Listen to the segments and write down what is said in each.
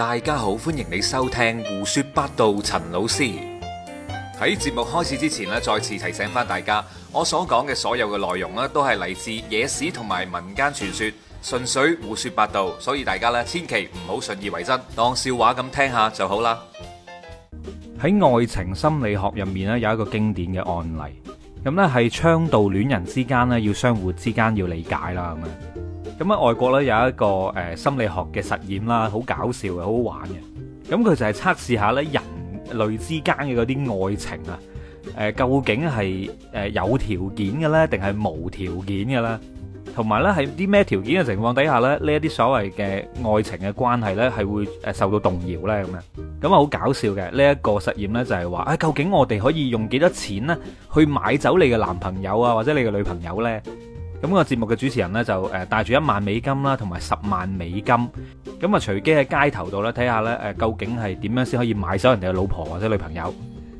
大家好，歡迎你收聽胡說八道。陳老師喺節目開始之前咧再次提醒翻大家，我所講嘅所有嘅內容咧都係嚟自野史同埋民間傳說，純粹胡說八道，所以大家咧千祈唔好信以為真，當笑話咁聽下就好啦。喺愛情心理學入面咧有一個經典嘅案例，咁咧係倡導戀人之間咧要相互之間要理解啦咁樣。咁喺外國咧有一個誒心理學嘅實驗啦，好搞笑嘅，好好玩嘅。咁佢就係測試下咧人類之間嘅嗰啲愛情啊，誒究竟係誒有條件嘅咧，定係無條件嘅咧？同埋咧喺啲咩條件嘅情況底下咧，呢一啲所謂嘅愛情嘅關係咧係會誒受到動搖咧咁樣。咁啊好搞笑嘅呢一個實驗咧就係話，誒究竟我哋可以用幾多錢咧去買走你嘅男朋友啊，或者你嘅女朋友咧？咁個節目嘅主持人呢，就誒帶住一萬美金啦，同埋十萬美金，咁啊隨機喺街頭度咧睇下咧誒究竟係點樣先可以買走人哋嘅老婆或者女朋友？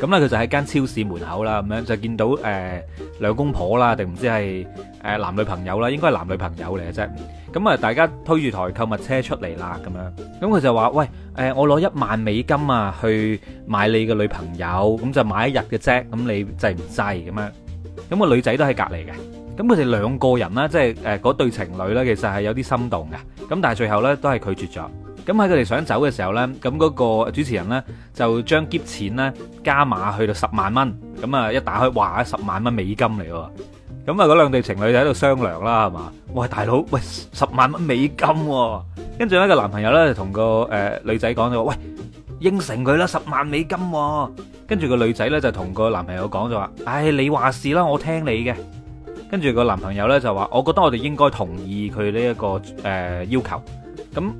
咁咧佢就喺間超市門口啦，咁樣就見到誒、呃、兩公婆啦，定唔知係誒男女朋友啦？應該係男女朋友嚟嘅啫。咁啊大家推住台購物車出嚟啦，咁樣咁佢就話喂，誒我攞一萬美金啊去買你嘅女朋友，咁就買一日嘅啫，咁你制唔制？咁樣咁個女仔都喺隔籬嘅。咁佢哋兩個人咧，即係誒嗰對情侶咧，其實係有啲心動嘅。咁但係最後咧都係拒絕咗。咁喺佢哋想走嘅時候咧，咁嗰個主持人咧就將劫錢咧加碼去到十萬蚊。咁啊一打開，話，十萬蚊美金嚟喎。咁啊嗰兩對情侶就喺度商量啦，係嘛？喂，大佬，喂十萬蚊美金。跟住咧個男朋友咧就同個誒女仔講咗話，喂應承佢啦，十萬美金。跟住個女仔咧就同個男朋友講咗話，唉，你話事啦，我聽你嘅。跟住個男朋友呢，就話，我覺得我哋應該同意佢呢一個、呃、要求。咁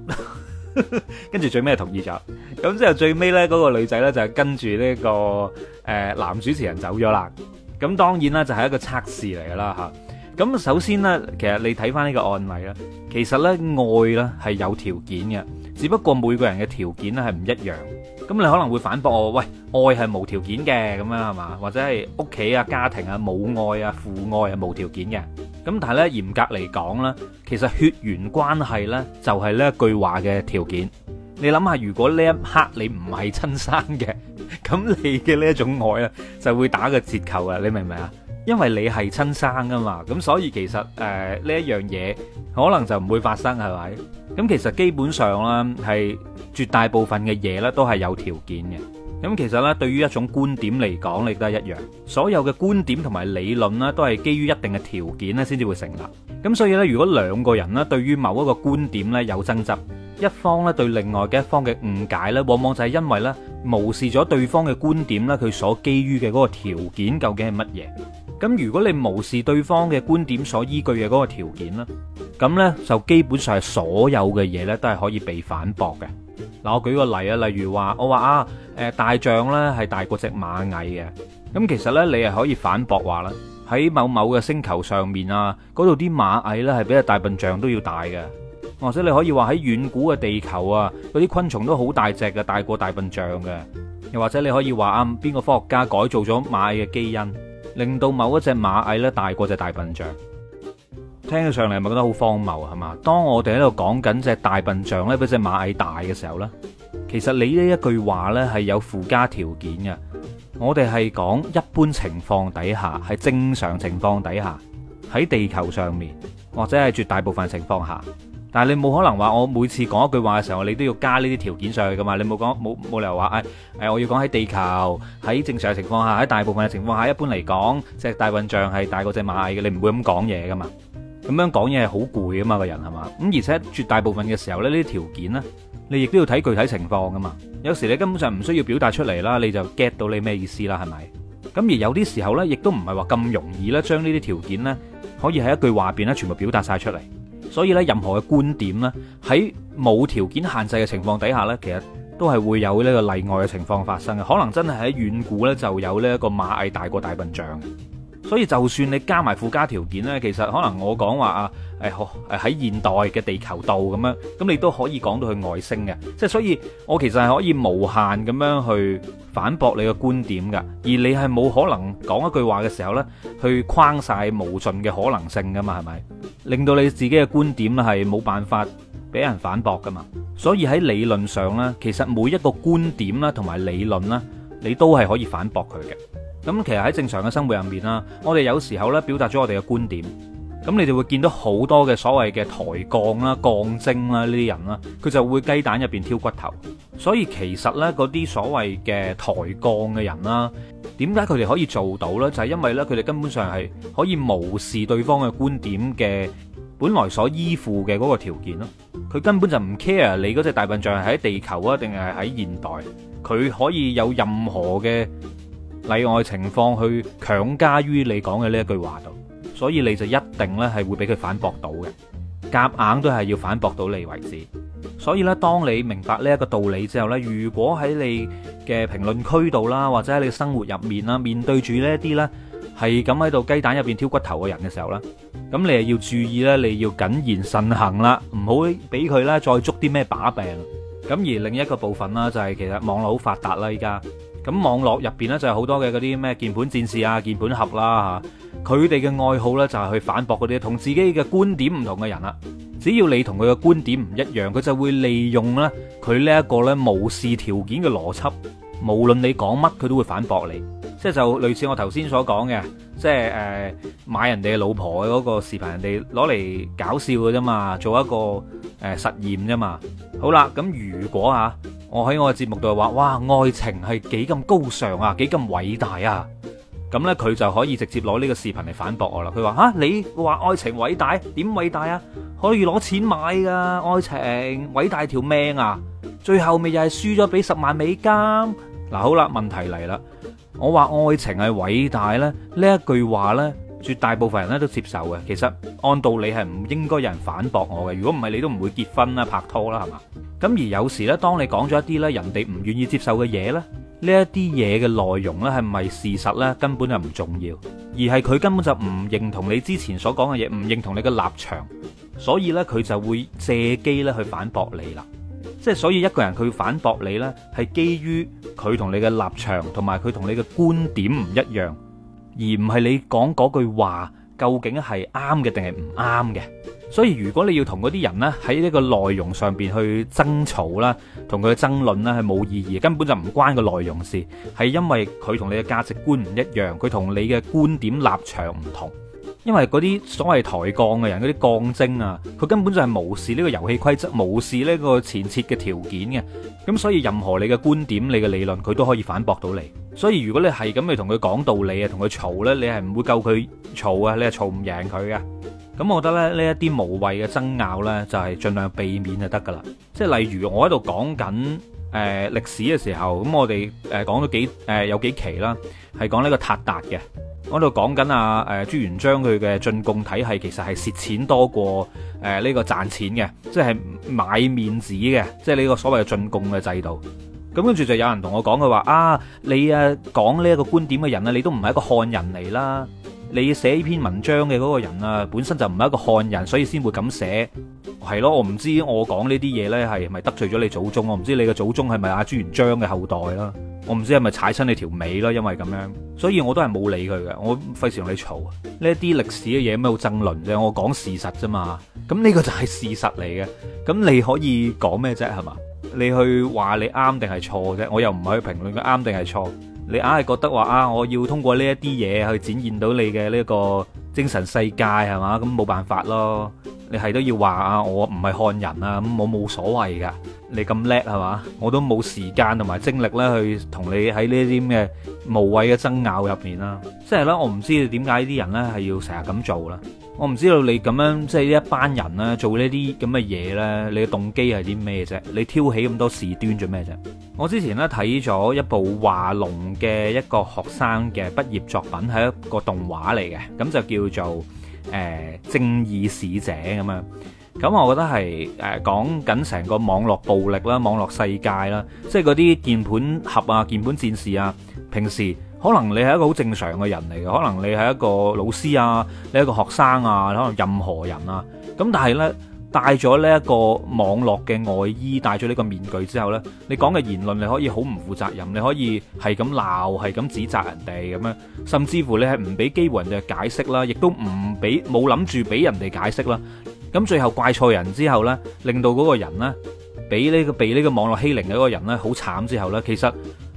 跟住最尾同意咗。咁之後最尾呢，嗰個女仔呢，就跟住呢個、呃、男主持人走咗啦。咁當然啦，就係一個測試嚟噶啦嚇。咁首先呢，其實你睇翻呢個案例咧，其實呢，愛呢係有條件嘅，只不過每個人嘅條件呢係唔一樣，咁你可能會反駁我，喂，愛係無條件嘅，咁樣係嘛？或者係屋企啊、家庭啊、母愛啊、父愛係無條件嘅。咁但係咧，嚴格嚟講咧，其實血緣關係咧就係呢一句話嘅條件。你諗下，如果呢一刻你唔係親生嘅，咁你嘅呢一種愛啊，就會打個折扣啊！你明唔明啊？因為你係親生噶嘛，咁所以其實誒呢一樣嘢可能就唔會發生，係咪？咁其實基本上咧，係絕大部分嘅嘢咧都係有條件嘅。咁其實咧，對於一種觀點嚟講，亦都係一樣。所有嘅觀點同埋理論咧，都係基於一定嘅條件咧先至會成立。咁所以咧，如果兩個人咧對於某一個觀點咧有爭執，一方咧對另外嘅一方嘅誤解咧，往往就係因為咧無視咗對方嘅觀點咧，佢所基於嘅嗰個條件究竟係乜嘢？咁如果你無視對方嘅觀點所依據嘅嗰個條件咧，咁呢就基本上係所有嘅嘢呢都係可以被反駁嘅。嗱，我舉個例啊，例如話我話啊，誒大象呢係大過隻螞蟻嘅。咁其實呢，你係可以反駁話啦，喺某某嘅星球上面啊，嗰度啲螞蟻呢係比隻大笨象都要大嘅，或者你可以話喺遠古嘅地球啊，嗰啲昆蟲都好大隻嘅，大過大笨象嘅。又或者你可以話啊邊個科學家改造咗螞蟻嘅基因。令到某一隻螞蟻咧，大過隻大笨象，聽起上嚟咪覺得好荒謬係嘛？當我哋喺度講緊隻大笨象咧，比隻螞蟻大嘅時候呢，其實你呢一句話咧係有附加條件嘅。我哋係講一般情況底下，係正常情況底下喺地球上面，或者係絕大部分情況下。但係你冇可能話我每次講一句話嘅時候，你都要加呢啲條件上去噶嘛？你冇講冇冇理由話誒誒，我要講喺地球喺正常嘅情況下，喺大部分嘅情況下，一般嚟講，隻大笨象係大過隻螞蟻嘅，你唔會咁講嘢噶嘛？咁樣講嘢係好攰噶嘛，個人係嘛？咁而且絕大部分嘅時候咧，呢啲條件呢，你亦都要睇具體情況噶嘛。有時你根本上唔需要表達出嚟啦，你就 get 到你咩意思啦，係咪？咁而有啲時候呢，亦都唔係話咁容易啦，將呢啲條件呢，可以喺一句話入邊咧，全部表達晒出嚟。所以咧，任何嘅觀點咧，喺冇條件限制嘅情況底下咧，其實都係會有呢個例外嘅情況發生嘅。可能真係喺遠古咧，就有呢一個螞蟻大過大笨象。所以就算你加埋附加條件呢，其實可能我講話啊，誒、哎，喺現代嘅地球度咁樣，咁你都可以講到去外星嘅，即係所以我其實係可以無限咁樣去反駁你嘅觀點嘅，而你係冇可能講一句話嘅時候呢，去框晒無盡嘅可能性噶嘛，係咪？令到你自己嘅觀點呢，係冇辦法俾人反駁噶嘛，所以喺理論上呢，其實每一個觀點啦同埋理論啦，你都係可以反駁佢嘅。咁其實喺正常嘅生活入面啦，我哋有時候呢，表達咗我哋嘅觀點，咁你哋會見到好多嘅所謂嘅抬槓啦、槓精啦呢啲人啦，佢就會雞蛋入面挑骨頭。所以其實呢，嗰啲所謂嘅抬槓嘅人啦，點解佢哋可以做到呢？就係因為呢，佢哋根本上係可以無視對方嘅觀點嘅，本來所依附嘅嗰個條件咯。佢根本就唔 care 你嗰隻大笨象係喺地球啊，定係喺現代，佢可以有任何嘅。例外情況去強加於你講嘅呢一句話度，所以你就一定咧係會俾佢反駁到嘅，夾硬都係要反駁到你為止。所以咧，當你明白呢一個道理之後呢，如果喺你嘅評論區度啦，或者喺你嘅生活入面啦，面對住呢一啲呢係咁喺度雞蛋入邊挑骨頭嘅人嘅時候呢，咁你誒要注意呢，你要謹言慎行啦，唔好俾佢呢再捉啲咩把柄。咁而另一個部分啦、就係，就係其實網絡好發達啦，依家。咁網絡入面呢，就係、是、好多嘅嗰啲咩鍵盤戰士啊，鍵盤俠啦吓，佢哋嘅愛好呢，就係、是、去反駁嗰啲同自己嘅觀點唔同嘅人啦、啊。只要你同佢嘅觀點唔一樣，佢就會利用呢佢呢一個呢無視條件嘅邏輯，無論你講乜佢都會反駁你。即係就類似我頭先所講嘅，即係誒、呃、買人哋嘅老婆嗰個視頻，人哋攞嚟搞笑嘅啫嘛，做一個誒、呃、實驗啫嘛。好啦，咁如果、啊我喺我嘅節目度話：哇，愛情係幾咁高尚啊，幾咁偉大啊！咁呢，佢就可以直接攞呢個視頻嚟反駁我啦。佢話：啊，你話愛情偉大，點偉大啊？可以攞錢買噶、啊、愛情偉大條命啊！最後咪又係輸咗俾十萬美金。嗱、啊，好啦，問題嚟啦，我話愛情係偉大呢，呢一句話呢，絕大部分人咧都接受嘅。其實按道理係唔應該有人反駁我嘅。如果唔係，你都唔會結婚啦、啊、拍拖啦、啊，係嘛？咁而有時咧，當你講咗一啲咧，人哋唔願意接受嘅嘢咧，呢一啲嘢嘅內容咧，係咪事實咧，根本就唔重要，而係佢根本就唔認同你之前所講嘅嘢，唔認同你嘅立場，所以咧佢就會借機咧去反駁你啦。即係所以一個人佢反駁你咧，係基於佢同你嘅立場同埋佢同你嘅觀點唔一樣，而唔係你講嗰句話究竟係啱嘅定係唔啱嘅。所以如果你要同嗰啲人呢，喺呢個內容上邊去爭吵啦，同佢爭論啦，係冇意義，根本就唔關個內容事，係因為佢同你嘅價值觀唔一樣，佢同你嘅觀點立場唔同。因為嗰啲所謂抬槓嘅人，嗰啲槓精啊，佢根本就係無視呢個遊戲規則，無視呢個前設嘅條件嘅。咁所以任何你嘅觀點、你嘅理論，佢都可以反駁到你。所以如果你係咁去同佢講道理啊，同佢吵呢，你係唔會夠佢吵啊，你係吵唔贏佢嘅。咁我覺得咧，呢一啲無謂嘅爭拗呢，就係、是、盡量避免就得噶啦。即係例如我喺度講緊誒歷史嘅時候，咁我哋誒講到幾誒、呃、有幾期啦，係講呢個塔達嘅。我喺度講緊啊誒、呃、朱元璋佢嘅進貢體系，其實係蝕錢多過誒呢、呃這個賺錢嘅，即係買面子嘅，即係呢個所謂嘅進貢嘅制度。咁跟住就有人同我講佢話啊，你啊講呢個觀點嘅人啊，你都唔係一個漢人嚟啦。你寫呢篇文章嘅嗰個人啊，本身就唔係一個漢人，所以先會咁寫，係咯。我唔知我講呢啲嘢呢係咪得罪咗你祖宗，我唔知你嘅祖宗係咪阿朱元璋嘅後代啦，我唔知係咪踩親你條尾咯，因為咁樣，所以我都係冇理佢嘅。我費事同你嘈，呢啲歷史嘅嘢咩好爭論啫，我講事實啫嘛。咁呢個就係事實嚟嘅，咁你可以講咩啫，係嘛？你去話你啱定係錯啫，我又唔係去評論佢啱定係錯。你硬係覺得話啊，我要通過呢一啲嘢去展現到你嘅呢個精神世界係嘛？咁冇辦法咯，你係都要話啊，我唔係漢人啊，咁我冇所謂噶。你咁叻係嘛？我都冇時間同埋精力咧去同你喺呢啲嘅無謂嘅爭拗入面啦。即係咧，我唔知點解呢啲人呢係要成日咁做啦。我唔知道你咁樣即係一班人咧做呢啲咁嘅嘢呢，你嘅動機係啲咩啫？你挑起咁多事端做咩啫？我之前呢睇咗一部華龍嘅一個學生嘅畢業作品，係一個動畫嚟嘅，咁就叫做、呃、正義使者咁樣。咁我覺得係誒、呃、講緊成個網絡暴力啦、網絡世界啦，即係嗰啲鍵盤俠啊、鍵盤戰士啊，平時。可能你係一個好正常嘅人嚟嘅，可能你係一個老師啊，你係一個學生啊，可能任何人啊，咁但係呢帶咗呢一個網絡嘅外衣，戴咗呢個面具之後呢，你講嘅言論你可以好唔負責任，你可以係咁鬧，係咁指責人哋咁樣，甚至乎你係唔俾機會人哋解釋啦，亦都唔俾冇諗住俾人哋解釋啦，咁最後怪錯人之後呢，令到嗰個人呢俾呢個被呢個網絡欺凌嘅嗰個人呢好慘之後呢，其實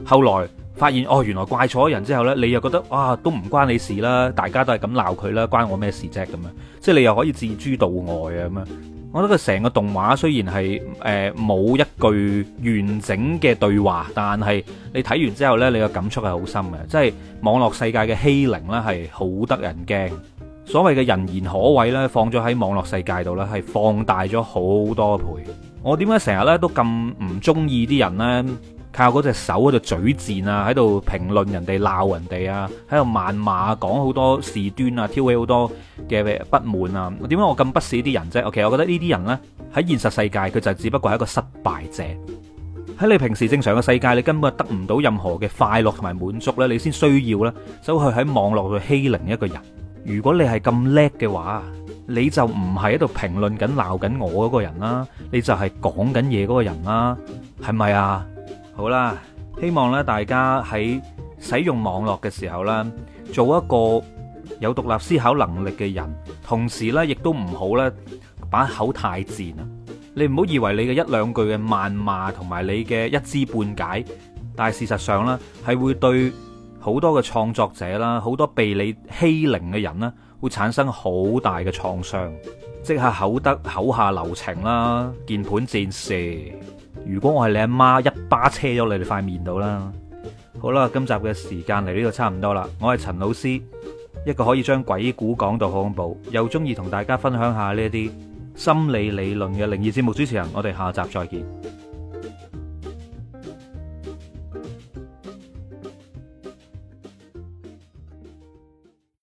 後來。發現哦，原來怪錯人之後呢，你又覺得啊，都唔關你事啦，大家都係咁鬧佢啦，關我咩事啫咁樣？即係你又可以置諸度外啊咁樣？我覺得成個動畫雖然係誒冇一句完整嘅對話，但係你睇完之後呢，你嘅感觸係好深嘅。即係網絡世界嘅欺凌呢係好得人驚。所謂嘅人言可畏呢，放咗喺網絡世界度呢，係放大咗好多倍。我點解成日呢都咁唔中意啲人呢？靠嗰隻手喺度嘴戰啊，喺度評論人哋鬧人哋啊，喺度謾罵講好多事端啊，挑起好多嘅不滿啊。點解我咁不屑呢啲人啫？其、okay, 實我覺得呢啲人呢，喺現實世界佢就只不過係一個失敗者。喺你平時正常嘅世界，你根本得唔到任何嘅快樂同埋滿足呢，你先需要呢，走去喺網絡度欺凌一個人。如果你係咁叻嘅話，你就唔係喺度評論緊鬧緊我嗰個人啦、啊，你就係講緊嘢嗰個人啦，係咪啊？是好啦，希望咧大家喺使用網絡嘅時候咧，做一個有獨立思考能力嘅人，同時咧亦都唔好咧把口太賤啊！你唔好以為你嘅一兩句嘅謾罵同埋你嘅一知半解，但係事實上咧係會對好多嘅創作者啦、好多被你欺凌嘅人啦，會產生好大嘅創傷。即係口德口下留情啦，鍵盤戰士。如果我係你阿媽，一巴車咗你哋塊面到啦。好啦，今集嘅時間嚟呢度差唔多啦。我係陳老師，一個可以將鬼故講到好恐怖，又中意同大家分享下呢啲心理理論嘅靈異節目主持人。我哋下集再見。